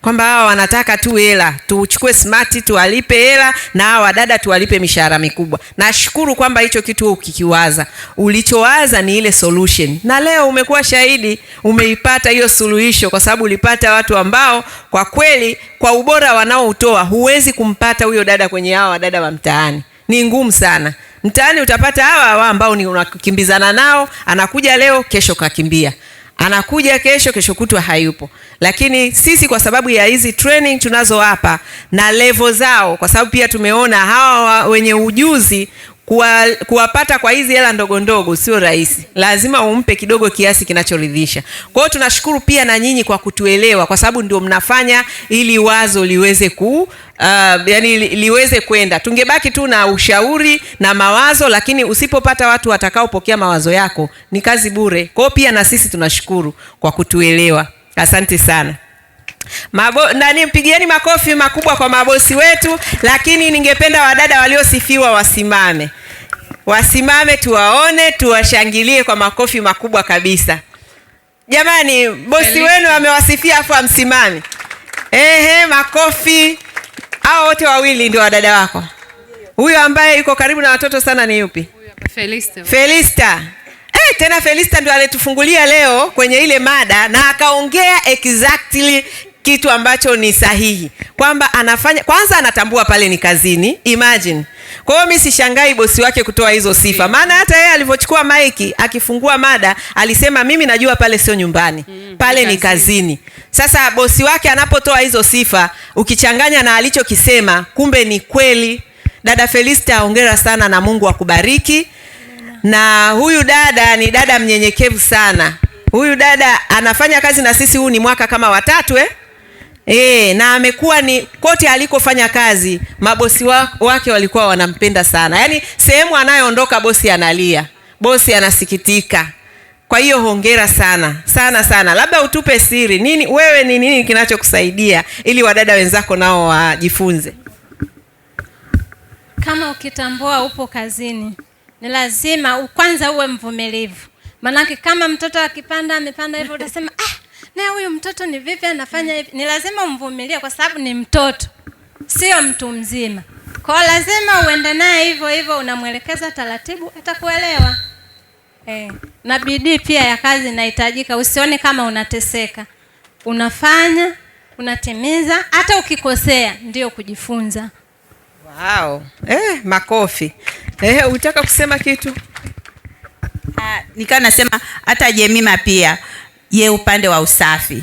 kwamba hawa wanataka tu hela, tuchukue smart tuwalipe hela na hawa wadada tuwalipe mishahara mikubwa. Nashukuru kwamba hicho kitu ukikiwaza, ulichowaza ni ile solution, na leo umekuwa shahidi, umeipata hiyo suluhisho, kwa sababu ulipata watu ambao kwa kweli, kwa ubora wanaoutoa, huwezi kumpata huyo dada kwenye hawa wadada wa mtaani, ni ngumu sana. Mtaani utapata hawa hawa ambao ni unakimbizana nao, anakuja leo, kesho kakimbia, anakuja kesho, kesho kutwa hayupo. Lakini sisi kwa sababu ya hizi training tunazo hapa na level zao, kwa sababu pia tumeona hawa wenye ujuzi kuwa, kuwapata kwa hizi hela ndogo ndogo sio rahisi, lazima umpe kidogo kiasi kinachoridhisha. Kwa hiyo tunashukuru pia na nyinyi kwa kutuelewa, kwa sababu ndio mnafanya ili wazo liweze ku Uh, yani liweze kwenda, tungebaki tu na ushauri na mawazo, lakini usipopata watu watakaopokea mawazo yako ni kazi bure. Kwa hiyo pia na sisi tunashukuru kwa kutuelewa. Asante sana. Mabo, nani mpigieni makofi makubwa kwa mabosi wetu, lakini ningependa wadada waliosifiwa wasimame, wasimame tuwaone, tuwashangilie kwa makofi makubwa kabisa. Jamani, bosi wenu amewasifia afu amsimame. Ehe, makofi. Hao wote wawili ndio wadada wako? Huyo ambaye yuko karibu na watoto sana ni yupi? Felista. Felista tena Felista ndio alitufungulia leo kwenye ile mada na akaongea exactly kitu ambacho ni sahihi kwamba anafanya kwanza, anatambua pale ni kazini. Imagine. Kwa hiyo mimi sishangai bosi wake kutoa hizo sifa, maana hata yeye alivyochukua maiki akifungua mada alisema mimi najua pale sio nyumbani, mm, pale ni kazini. Sasa bosi wake anapotoa hizo sifa, ukichanganya na alichokisema, kumbe ni kweli. Dada Felista, ongera sana na Mungu akubariki na huyu dada ni dada mnyenyekevu sana. Huyu dada anafanya kazi na sisi, huu ni mwaka kama watatu eh? E, na amekuwa ni kote alikofanya kazi mabosi wa, wake walikuwa wanampenda sana, yaani sehemu anayoondoka bosi analia, bosi anasikitika. Kwa hiyo hongera sana sana sana. Labda utupe siri nini, wewe ni nini kinachokusaidia ili wadada wenzako nao wajifunze? Kama ukitambua upo kazini ni lazima kwanza uwe mvumilivu, manake kama mtoto akipanda amepanda hivyo utasema ah, naye huyu mtoto ni vipi anafanya hivi? Ni lazima umvumilie, kwa sababu ni mtoto, sio mtu mzima. Kwa lazima uende naye hivyo hivyo, unamwelekeza taratibu, atakuelewa. Eh, na bidii pia ya kazi inahitajika. Usione kama unateseka, unafanya unatimiza, hata ukikosea ndio kujifunza. Wow. Eh, makofi. Eh, utaka kusema kitu? Ah, nikawa nasema hata Jemima pia ye upande wa usafi,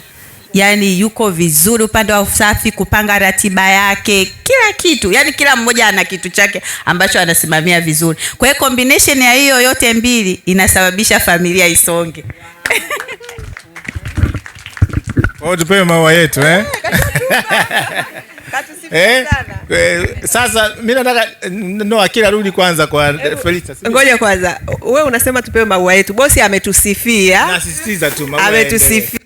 yaani yuko vizuri upande wa usafi, kupanga ratiba yake, kila kitu, yaani kila mmoja ana kitu chake ambacho anasimamia vizuri. Kwa hiyo combination ya hiyo yote mbili inasababisha familia isonge. Wow. Oh, Tupewe maua yetu eh? eh eh? Eh, sasa mi nataka eh, eh, no akila rudi kwanza kwa Felita. Ngoja kwanza, we unasema tupewe maua yetu, bosi ametusifia, nasisitiza tu maua ametusifia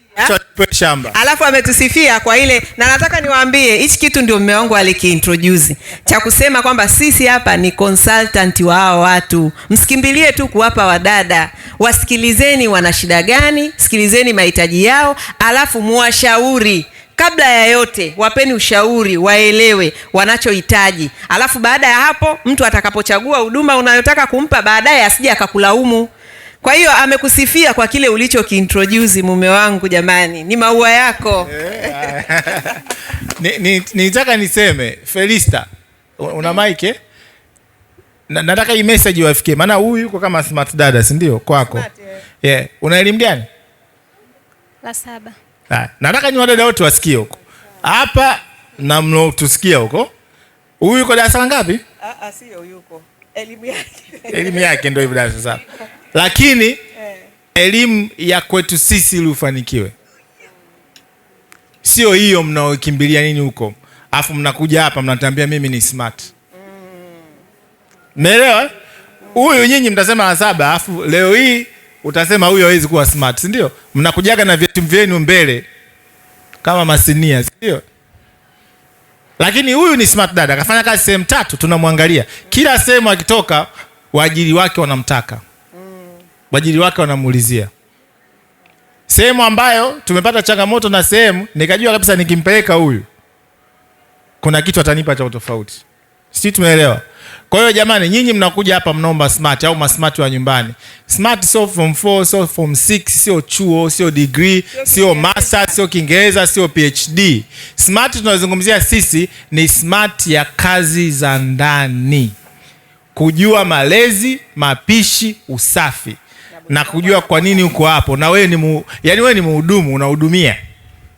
shamba alafu ametusifia kwa ile, na nataka niwaambie hichi kitu ndio mume wangu alikiintroduce cha kusema kwamba sisi hapa ni consultant wa hao watu. Msikimbilie tu kuwapa wadada, wasikilizeni wana shida gani, sikilizeni mahitaji yao, alafu muwashauri Kabla ya yote, wapeni ushauri, waelewe wanachohitaji, alafu baada ya hapo, mtu atakapochagua huduma unayotaka kumpa baadaye, asije akakulaumu. Kwa hiyo amekusifia kwa kile ulichokiintroduce. Mume wangu jamani, ni maua yako. nitaka ni, ni, niseme Felista, una mm. mike eh? Na, nataka hii message wafikie, maana huyu yuko kama smart dada, si ndio? Kwako smart, yeah. Yeah. una elimu gani? La saba nataka ni wadada wote wasikie huko hapa na mnotusikia huko. Huyu yuko darasa la ngapi? Ah, ah, elimu yake. ndo yake hivyo darasa saba Lakini eh. elimu ya kwetu sisi ili ufanikiwe. Sio hiyo mnaokimbilia nini huko. Alafu mnakuja hapa mnatambia mimi ni smart. Mmeelewa? Huyu nyinyi mtasema la saba, alafu leo hii utasema huyo hawezi kuwa smart, si ndio? Mnakujaga na vyeti vyenu mbele kama masinia, si ndio? Lakini huyu ni smart dada, akafanya kazi sehemu tatu, tunamwangalia kila sehemu akitoka, waajiri wake wanamtaka, waajiri wake wanamuulizia sehemu ambayo tumepata changamoto na sehemu nikajua kabisa nikimpeleka huyu kuna kitu atanipa cha utofauti, Sisi tumeelewa. Kwa hiyo jamani, nyinyi mnakuja hapa mnaomba smart au masmart wa nyumbani. Smart sio form 4, sio form 6, sio chuo, sio degree, sio master, sio Kiingereza, sio PhD. Smart tunazungumzia sisi ni smart ya kazi za ndani, kujua malezi, mapishi, usafi na kujua kwa nini uko hapo, na wewe ni mu, yani wewe ni mhudumu, unahudumia.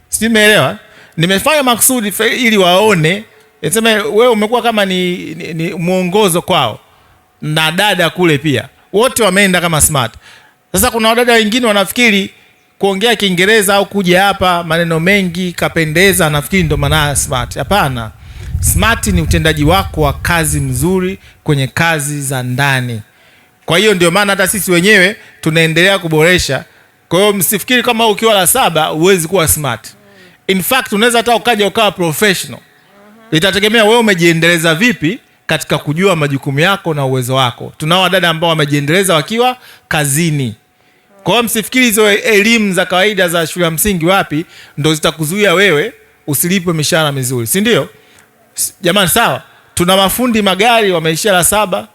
Sijui umeelewa? Nimefanya maksudi ili waone niseme wewe umekuwa kama ni, ni, ni mwongozo kwao, na dada kule pia wote wameenda kama smart. Sasa kuna wadada wengine wanafikiri kuongea Kiingereza au kuja hapa maneno mengi kapendeza, nafikiri ndo maana smart. Hapana, smart ni utendaji wako wa kazi mzuri kwenye kazi za ndani. Kwa hiyo ndio maana hata sisi wenyewe tunaendelea kuboresha. Kwa hiyo msifikiri kama ukiwa la saba huwezi kuwa smart. In fact unaweza hata ukaja ukawa professional itategemea wewe umejiendeleza vipi katika kujua majukumu yako na uwezo wako. Tunao wadada ambao wamejiendeleza wakiwa kazini. Kwa hiyo msifikiri hizo elimu za kawaida za shule ya msingi wapi ndo zitakuzuia wewe usilipwe mishahara mizuri, si ndio? Jamani, sawa. Tuna mafundi magari wameishia la saba,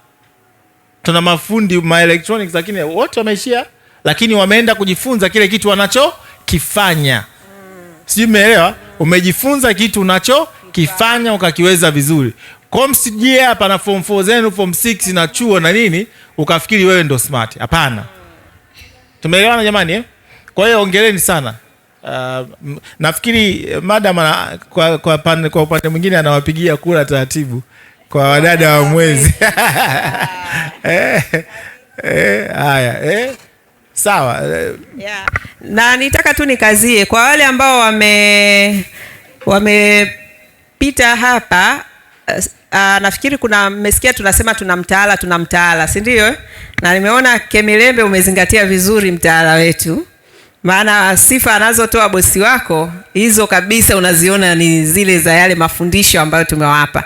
tuna mafundi ma electronics, lakini wote wameishia, lakini wameenda kujifunza kile kitu wanachokifanya. Mm. Sijui mmeelewa? Umejifunza kitu unacho kifanya ukakiweza vizuri. Kwa hapa na form 4 zenu form 6 na chuo na nini ukafikiri wewe ndo smart. Hapana. Tumeelewana jamani eh? Kwa hiyo ongeleni sana. Uh, nafikiri eh, madam kwa, kwa, pan, kwa upande mwingine anawapigia kura taratibu kwa wadada wa mwezi eh, eh, haya eh. Sawa eh. yeah. Na nitaka tu nikazie kwa wale ambao wame wame pita hapa Uh, nafikiri kuna mmesikia tunasema tuna mtaala tuna mtaala, si ndio? Na nimeona Kemilembe umezingatia vizuri mtaala wetu, maana sifa anazotoa bosi wako hizo kabisa unaziona ni zile za yale mafundisho ambayo tumewapa.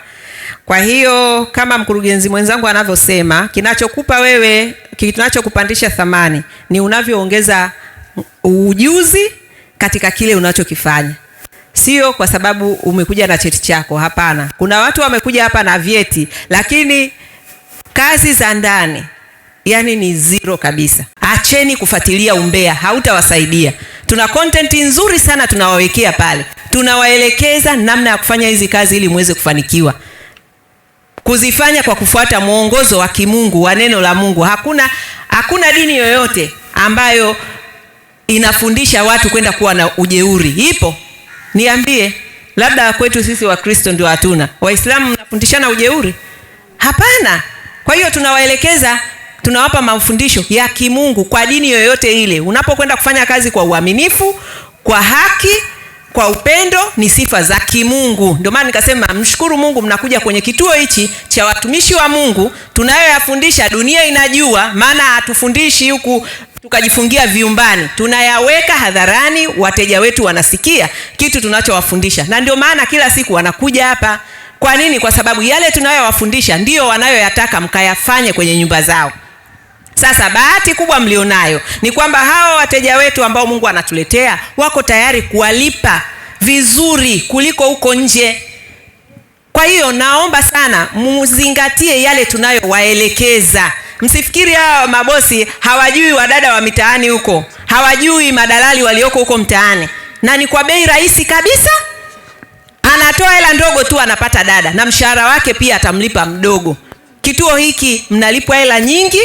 Kwa hiyo kama mkurugenzi mwenzangu anavyosema, kinachokupa wewe, kinachokupandisha thamani ni unavyoongeza ujuzi katika kile unachokifanya sio kwa sababu umekuja na cheti chako. Hapana, kuna watu wamekuja hapa na vyeti, lakini kazi za ndani yani ni zero kabisa. Acheni kufuatilia umbea, hautawasaidia. Tuna content nzuri sana tunawawekea pale, tunawaelekeza namna ya kufanya hizi kazi ili muweze kufanikiwa kuzifanya kwa kufuata mwongozo wa kimungu wa neno la Mungu. Hakuna, hakuna dini yoyote ambayo inafundisha watu kwenda kuwa na ujeuri, ipo Niambie, labda kwetu sisi Wakristo ndio hatuna. Waislamu mnafundishana ujeuri? Hapana. Kwa hiyo tunawaelekeza, tunawapa mafundisho ya kimungu kwa dini yoyote ile. Unapokwenda kufanya kazi kwa uaminifu, kwa haki, kwa upendo, ni sifa za kimungu. Ndio maana nikasema mshukuru Mungu, mnakuja kwenye kituo hichi cha watumishi wa Mungu. Tunayoyafundisha dunia inajua, maana hatufundishi huku tukajifungia vyumbani, tunayaweka hadharani, wateja wetu wanasikia kitu tunachowafundisha, na ndio maana kila siku wanakuja hapa. Kwa nini? Kwa sababu yale tunayowafundisha ndiyo wanayoyataka mkayafanye kwenye nyumba zao. Sasa bahati kubwa mlionayo ni kwamba hawa wateja wetu ambao Mungu anatuletea wako tayari kuwalipa vizuri kuliko huko nje. Kwa hiyo naomba sana muzingatie yale tunayowaelekeza msifikiri hawa mabosi hawajui wadada wa mitaani huko hawajui madalali walioko huko mtaani na ni kwa bei rahisi kabisa anatoa hela ndogo tu anapata dada na mshahara wake pia atamlipa mdogo kituo hiki mnalipwa hela nyingi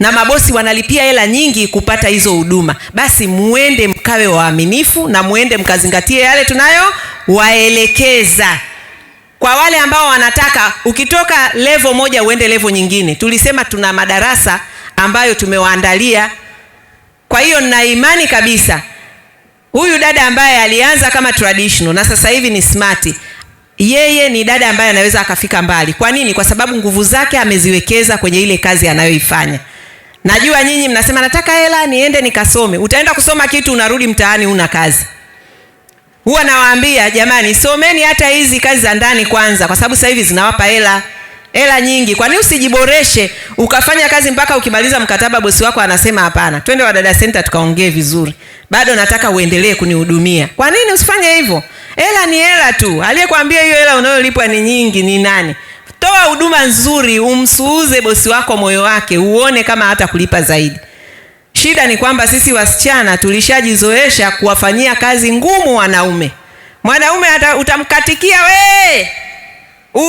na mabosi wanalipia hela nyingi kupata hizo huduma basi muende mkawe waaminifu na muende mkazingatie yale tunayo waelekeza kwa wale ambao wanataka ukitoka levo moja uende levo nyingine, tulisema tuna madarasa ambayo tumewaandalia. Kwa hiyo nina imani kabisa huyu dada ambaye alianza kama traditional na sasa hivi ni smart, yeye ni dada ambaye anaweza akafika mbali. Kwa nini? Kwa sababu nguvu zake ameziwekeza kwenye ile kazi anayoifanya. Najua nyinyi mnasema nataka hela niende nikasome. Utaenda kusoma kitu, unarudi mtaani, una kazi huwa nawaambia jamani, someni hata hizi kazi za ndani kwanza, kwa sababu sasa hivi zinawapa hela hela nyingi. Kwa nini usijiboreshe ukafanya kazi mpaka ukimaliza mkataba, bosi wako anasema hapana, twende Wadada Center tukaongee vizuri, bado nataka uendelee kunihudumia. Kwa nini usifanye hivyo? Hela ni hela tu. Aliyekwambia hiyo hela unayolipwa ni nyingi ni nani? Toa huduma nzuri, umsuuze bosi wako moyo wake, uone kama hata kulipa zaidi. Shida ni kwamba sisi wasichana tulishajizoesha kuwafanyia kazi ngumu wanaume. Mwanaume utamkatikia we,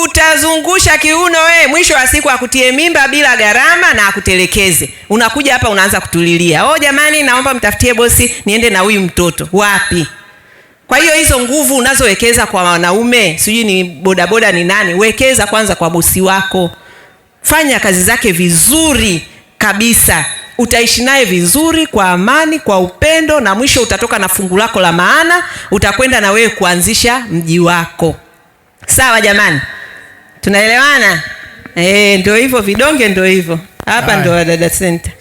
utazungusha kiuno we, mwisho wa siku akutie mimba bila gharama na akutelekeze. Unakuja hapa unaanza kutulilia, oh jamani, naomba mtafutie bosi niende na huyu mtoto. Wapi? Kwa hiyo hizo nguvu unazowekeza kwa wanaume, sijui ni bodaboda ni nani, wekeza kwanza kwa bosi wako, fanya kazi zake vizuri kabisa utaishi naye vizuri kwa amani, kwa upendo, na mwisho utatoka na fungu lako la maana, utakwenda na wewe kuanzisha mji wako. Sawa jamani, tunaelewana? E, ndio hivyo vidonge, ndio hivyo hapa, ndio Wadada Center.